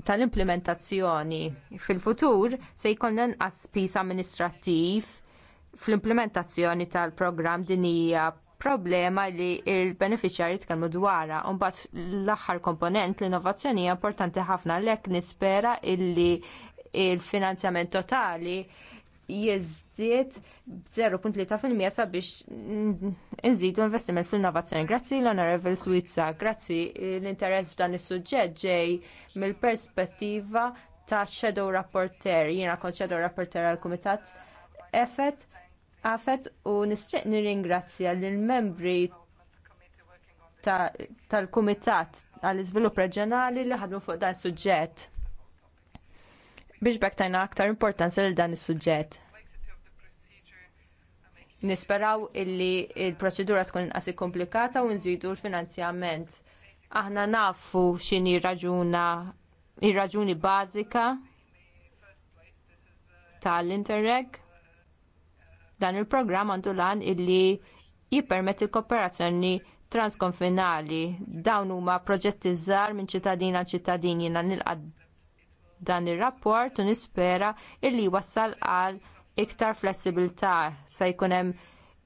tal-implementazzjoni fil-futur se jkollna nqas spiż amministrattiv fl-implementazzjoni tal-programm din hija problema li l benefiċjarji tkellmu dwarha u mbagħad l-aħħar komponent l-innovazzjoni hija importanti ħafna għalhekk nispera illi l il finanzjament totali jizdiet 0.3% sabiex nżidu investiment fl-innovazzjoni. Grazzi l-Honorable Swizza, grazzi l-interess f'dan is-suġġett ġej mill-perspettiva ta' Shadow Rapporter. Jiena kont Shadow Rapporter għall kumitat Efet, Afet u nistriq nirringrazzja lill membri tal-Kumitat għall izvilup Reġjonali li ħadmu fuq dan is-suġġett biex bektajna aktar importanza lil dan is-suġġett. Nisperaw illi il-proċedura tkun inqas komplikata u nżidu l-finanzjament. Aħna nafu x'inhi raġuna ir-raġuni bażika tal-Interreg. Dan il-programm għandu lan illi jippermetti l-kooperazzjoni transkonfinali. Dawn huma proġetti żgħar minn ċittadin għal ċittadin jiena nilqa' dan ir-rapport u nispera illi wassal għal iktar flessibilità se jkun hemm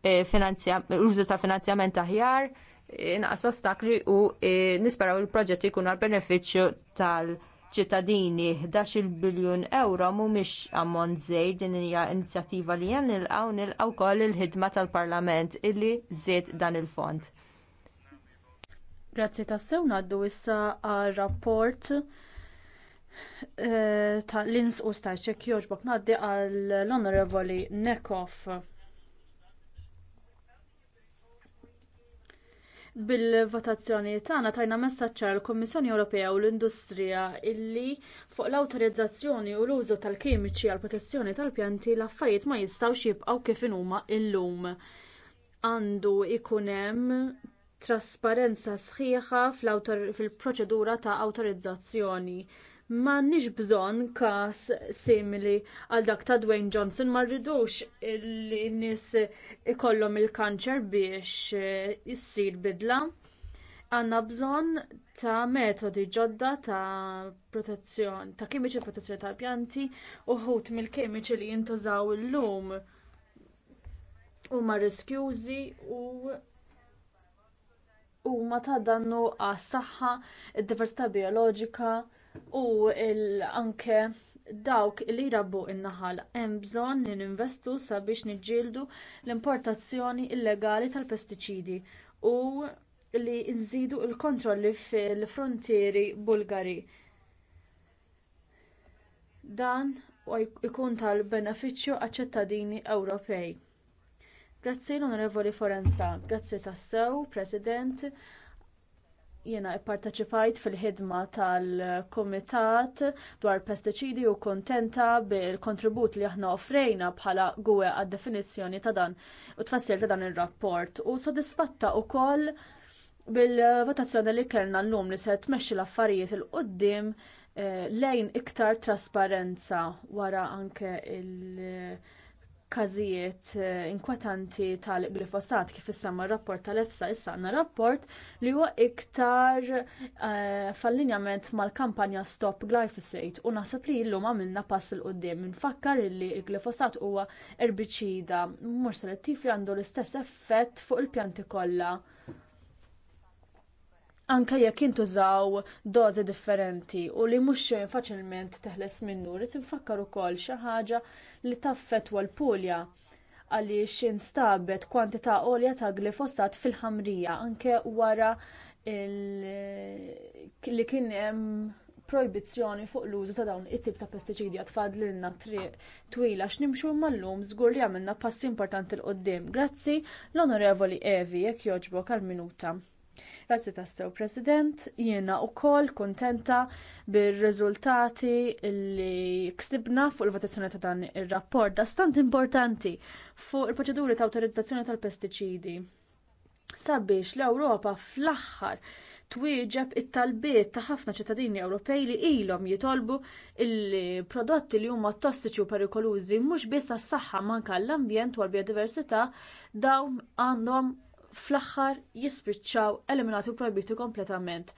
eh, użu ta' finanzjament aħjar inqas eh, ostakli u eh, nisperaw il-proġett ikun għal benefiċċju tal- ċittadini ħdax-il biljun euro mhumiex ammont żejr din hija inizjattiva li hemm nilqgħu nilqgħu wkoll il-ħidma tal-Parlament illi żied dan il-fond. Grazzi tassew ngħaddu issa rapport Eh, ta' l-ins u starċek jogħġbok ngħaddi għall onorevoli Nekov. Bil-votazzjoni tagħna tajna messaġġ għall kummissjoni Ewropea u l-Industrija illi fuq l-awtorizzazzjoni u l-użu tal-kimiċi għall protezzjoni tal-pjanti l-affarijiet ma jistgħux jibqgħu kif huma llum. Għandu ikun hemm trasparenza sħiħa fil-proċedura ta' awtorizzazzjoni Ma nix bżonn każ simili għal dak ta' Dwayne Johnson ma rridux il-nies ikollhom il-kanċer biex eh, issir bidla. Għandna bżonn ta' metodi ġodda ta' protezzjoni, ta' kimiċi protezzjoni tal-pjanti u mill kemiċi li jintużaw illum huma riskjużi u huma ta' dannu għas-saħħa, id-diversità bioloġika u anke dawk li jrabbu in naħal hemm bżonn li ninvestu sabiex niġġieldu l-importazzjoni illegali tal-pestiċidi u li nżidu l-kontrolli fil-frontieri bulgari dan ikun tal-benefiċċju għaċ-ċittadini Ewropej. Grazzi l-Onorevoli Forenza, grazzi tassew, President, Jiena pparteċipajt fil-ħidma tal kumitat dwar pestiċidi u kuntenta bil-kontribut li aħna offrejna bħala gwe għad definizzjoni ta' dan u tfassil ta' dan ir rapport u sodisfatta wkoll bil-votazzjoni li kellna llum li se tmexxi l-affarijiet il qudiem eh, lejn iktar trasparenza wara anke il- każijiet eh, inkwetanti tal-glifosat kif issamma r-rapport tal-EFSA issa għandna rapport li huwa iktar eh, fallinjament mal-kampanja Stop Glyphosate u naħseb li llum għamilna pass il qudiem Nfakkar li l-glifosat huwa erbiċida mhux selettiv li għandu l-istess effett fuq il-pjanti kollha anke jekk jintużaw dożi differenti u li mhux faċilment teħles minnu li tinfakkar ukoll xi ħaġa li taffettwa l-Pulja għaliex instabet kwantità għolja ta' glifosat fil-ħamrija anke wara li kien hemm projbizzjoni fuq l-użu ta' dawn it-tip ta' pestiċidi tfadlilna triq twila x'nimxu mal-lum żgur li għamilna passi importanti l qoddim Grazzi l-Onorevoli Evi jekk jogħġbok għall minuta Grazzi tassew, President, jiena wkoll kuntenta bir-riżultati li ksibna fuq il-votazzjoni ta' dan ir rapport da' stant importanti fuq il-proċeduri ta' autorizzazzjoni tal-pestiċidi. Sabiex l-Ewropa fl-aħħar twieġeb it-talbiet ta' ħafna ċittadini Ewropej li ilhom jitolbu il-prodotti li huma tossiċi u perikolużi mhux biss għas-saħħa manka l-ambjent u l-biodiversità dawn għandhom fl-aħħar jispiċċaw eliminati u projbiti kompletament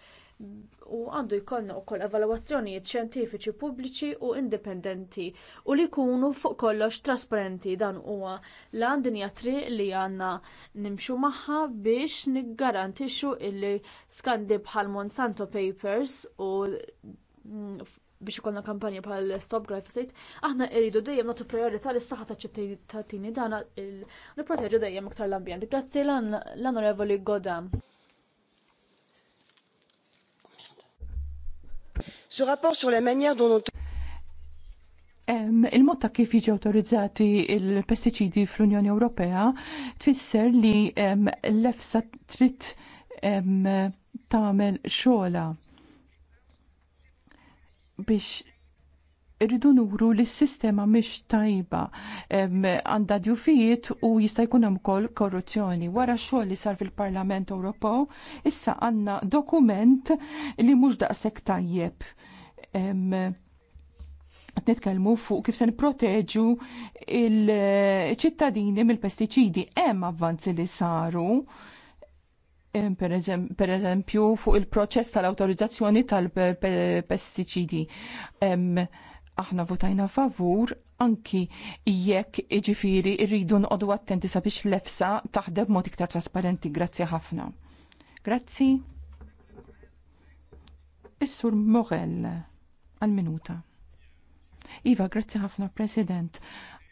u għandu jkollna wkoll evalwazzjonijiet xjentifiċi pubbliċi u indipendenti u li jkunu fuq kollox trasparenti dan huwa lan din hija triq li għandna nimxu magħha biex niggarantixxu illi skandi bħal Monsanto Papers u mm, biex ikollna kampanja bħal Stop Glyphosate, aħna irridu dejjem nagħtu priorità lis saħħa ta' ċittadini tagħna proteġu dejjem iktar l-ambjent. Grazzi l-Onorevoli Godam. Ce rapport sur la manière dont notre Il-mod ta' kif jiġi autorizzati il-pestiċidi fl-Unjoni Ewropea tfisser li l-EFSA trid tagħmel xogħla biex irridu nuru li s-sistema mhix tajba għandha djufijiet u jista' jkun hemm ukoll korruzzjoni. Wara xogħol li sar fil-Parlament Ewropew, issa għandna dokument li mhux daqshekk tajjeb. Nitkellmu fuq kif se nipproteġu il-ċittadini mill-pestiċidi. Hemm avvanzi li saru per eżempju fuq il-proċess tal-autorizzazzjoni tal-pestiċidi. Aħna votajna favur anki jekk iġifiri rridu nqodu attenti sabiex l-efsa taħdem mod iktar trasparenti. Grazzi ħafna. Grazzi. Is-sur Mogel għal-minuta. Iva, grazzi ħafna, President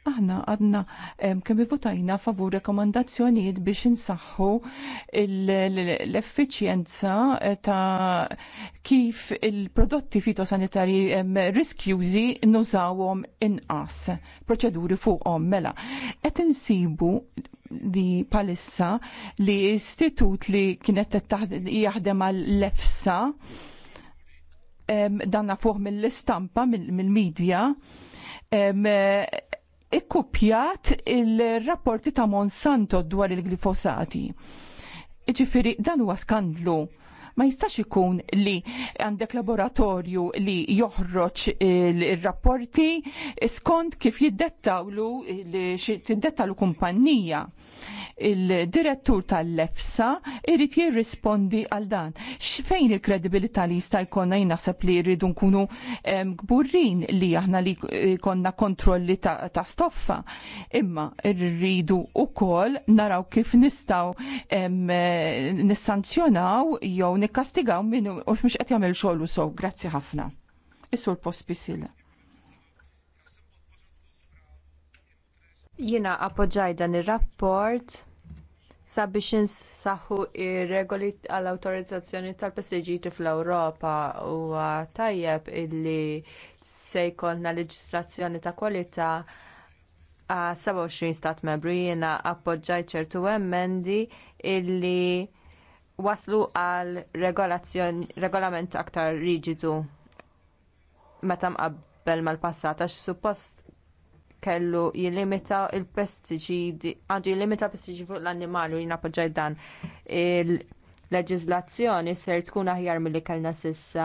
aħna għadna kemm votajna favur rekomandazzjonijiet biex insaħħu l-effiċjenza eh, ta' kif il-prodotti fitosanitarji riskjużi nużawhom inqas, proċeduri fuqhom mela. Qed insibu li palissa li istitut li kienet jaħdem għal-lefsa danna fuq mill-istampa, mill-medja, ikkupjat il-rapporti ta' Monsanto dwar il-glifosati. Iġifiri, dan huwa skandlu ma jistax ikun li għandek laboratorju li joħroġ il-rapporti skont kif jiddettawlu tiddettalu kumpanija il-direttur tal-lefsa irrit jirrispondi għal dan. Xfejn il-kredibilità li jista' jkollna jien naħseb li jridu nkunu gburrin li aħna li konna kontrolli ta', stoffa. Imma rridu wkoll naraw kif nistgħu nissanzjonaw jew nikkastigaw minnu u mhux qed jagħmel xogħlu sow. Grazzi ħafna. Is-sur post bisilla. Jiena appoġġaj dan ir-rapport sabiex jinsaħħu ir-regoli għall awtorizzazzjoni tal-passiġġieri fl-Ewropa huwa tajjeb illi se jkollna leġislazzjoni ta' kwalità għal 27 stat membru jiena appoġġaj ċertu emendi illi waslu għal regolament aktar riġidu meta mqabbel mal-passat għax suppost kellu jilimita il-pestiċidi, għandu jilimita pestiċidi fuq l-annimali u jina dan. Il-leġizlazzjoni ser tkun aħjar milli kellna sissa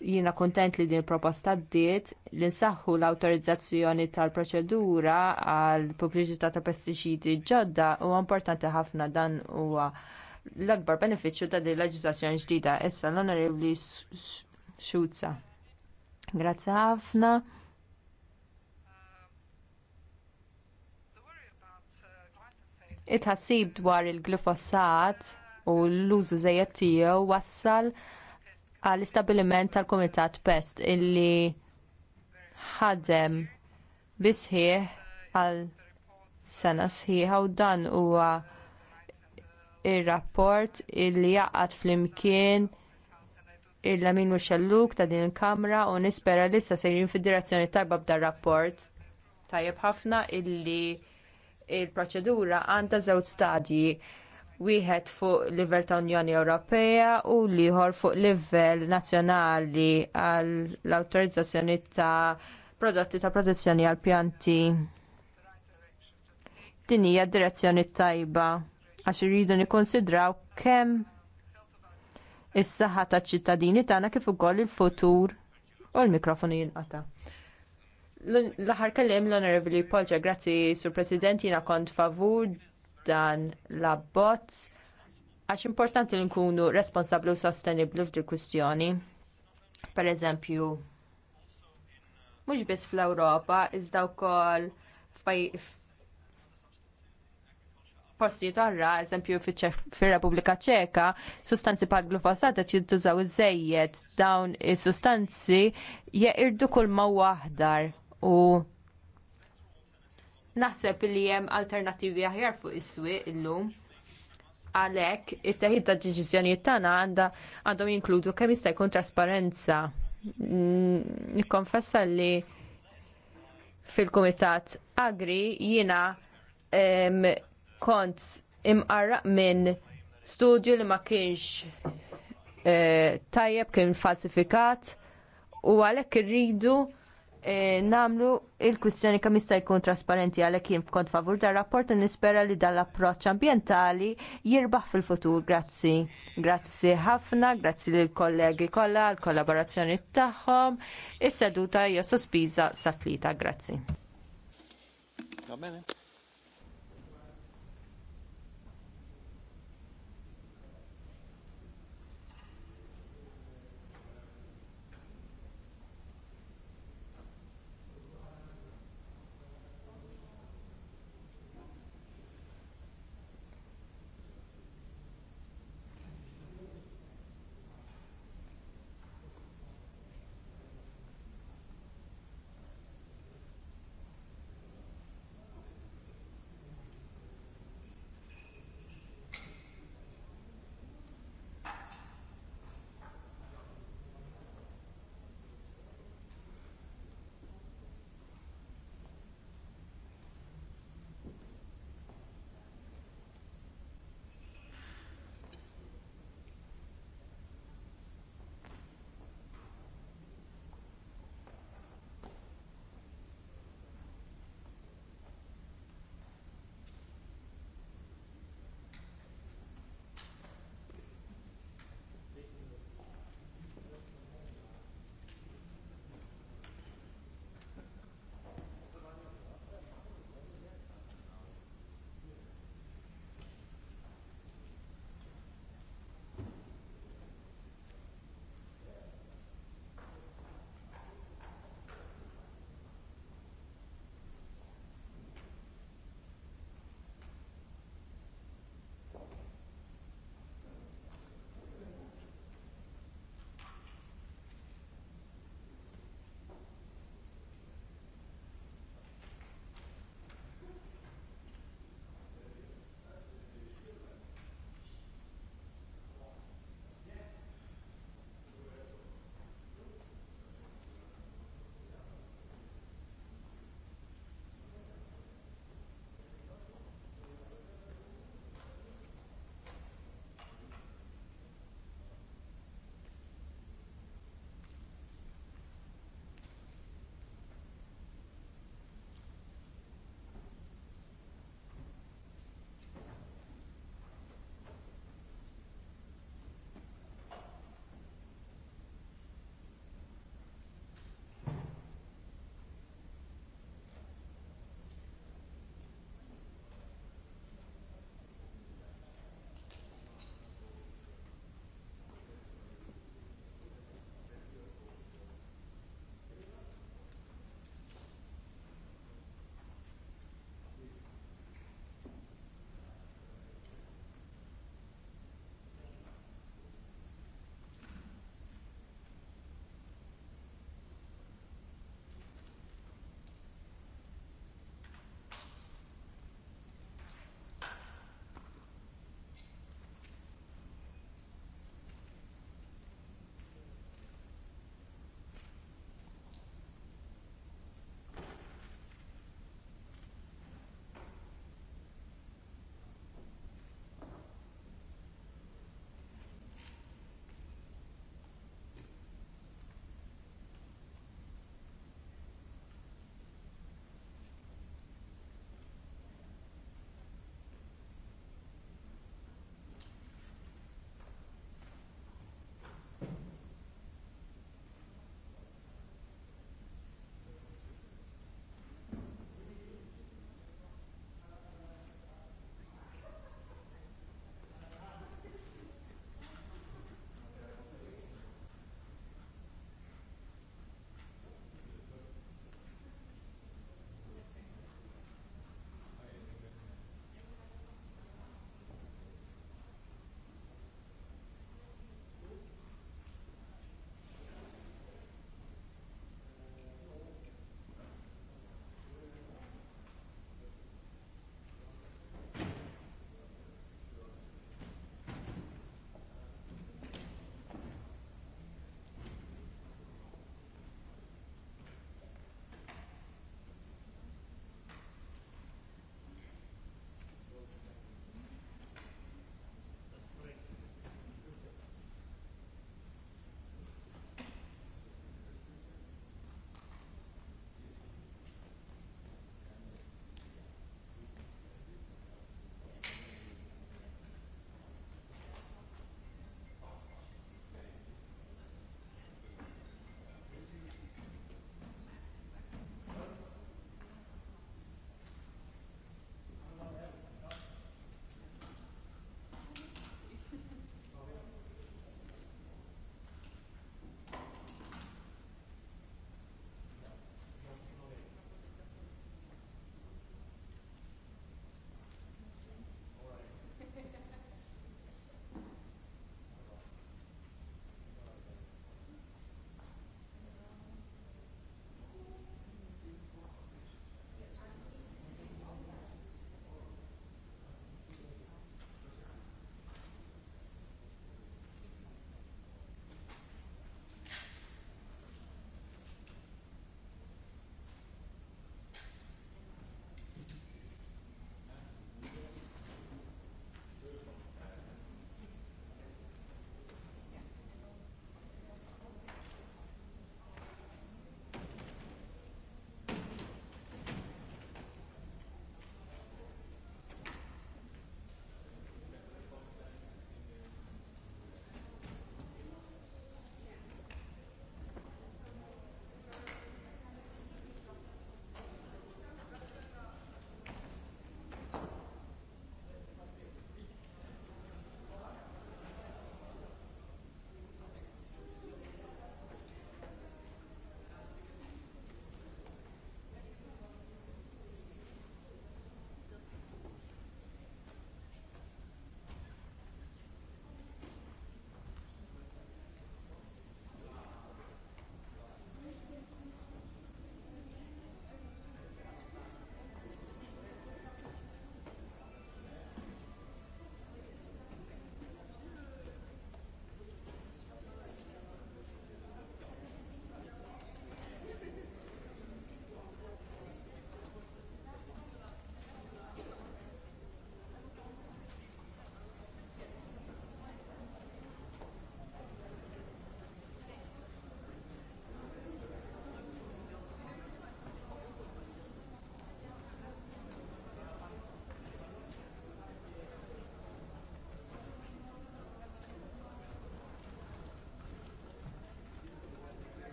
jiena kuntent li din proposta ddiet li nsaħħu l awtorizzazzjoni tal-proċedura għal pubbliċità ta' pestiċidi ġodda huwa importanti ħafna dan huwa l-akbar benefiċċju ta' din leġizlazzjoni ġdida issa l-onorevli Xuzza. Grazzi ħafna. It-ħassib dwar il-glifosat u l-użu żejjed tiegħu wassal għall istabiliment tal-Kumitat Pest illi ħadem bisħieħ għal sena sħiħa u dan huwa ir-rapport illi jaqgħad flimkien il-lamin u xelluk ta' din il-kamra u nispera li issa sejrin fid-direzzjoni tajba b'dar rapport tajjeb ħafna illi il-proċedura għandha żewġ stadji wieħed fuq livell ta' Unjoni Ewropea u lieħor fuq livell nazzjonali għall awtorizzazzjoni ta' prodotti ta' protezzjoni għall pjanti. Din hija d direzzjoni tajba għax irridu nikkonsidraw kemm is-saħħa taċ-ċittadini tagħna kif ukoll il-futur u l-mikrofonu jinqata'. L-aħħar kellim l-Honorable Polġa, grazzi Sur President, jiena kont favur dan l-abbozz għax importanti li nkunu responsabbli u sostenibbli f'dil kwistjoni. Pereżempju, mhux biss fl-Ewropa, iżda wkoll postijiet oħra, eżempju fir-Repubblika Ċeka, sustanzi bħal glufosat qed jintużaw iżejjed dawn is-sustanzi jeqirdu kull ma waħdar u naħseb li hemm alternattivi aħjar fuq is-swieq illum għalhekk it-teħid ta' deċiżjonijiet tagħna għandhom jinkludu kemm jista' jkun trasparenza. Nikkonfessa li fil-Kumitat Agri jiena kont imqarraq minn studju li ma kienx eh, tajjeb kien falsifikat u għalhekk irridu E, namlu il-kwistjoni kemm jista' jkun trasparenti għalhekk jien kont favur dar rapport u nispera li dan l-approċċ ambjentali jirbaħ fil-futur. Grazzi. Grazzi ħafna, grazzi lill kollegi kollha għall-kollaborazzjoni tagħhom. Is-seduta hija sospiża sa tlieta. Grazzi.